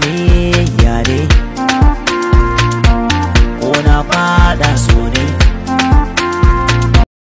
ne yare ko na fada so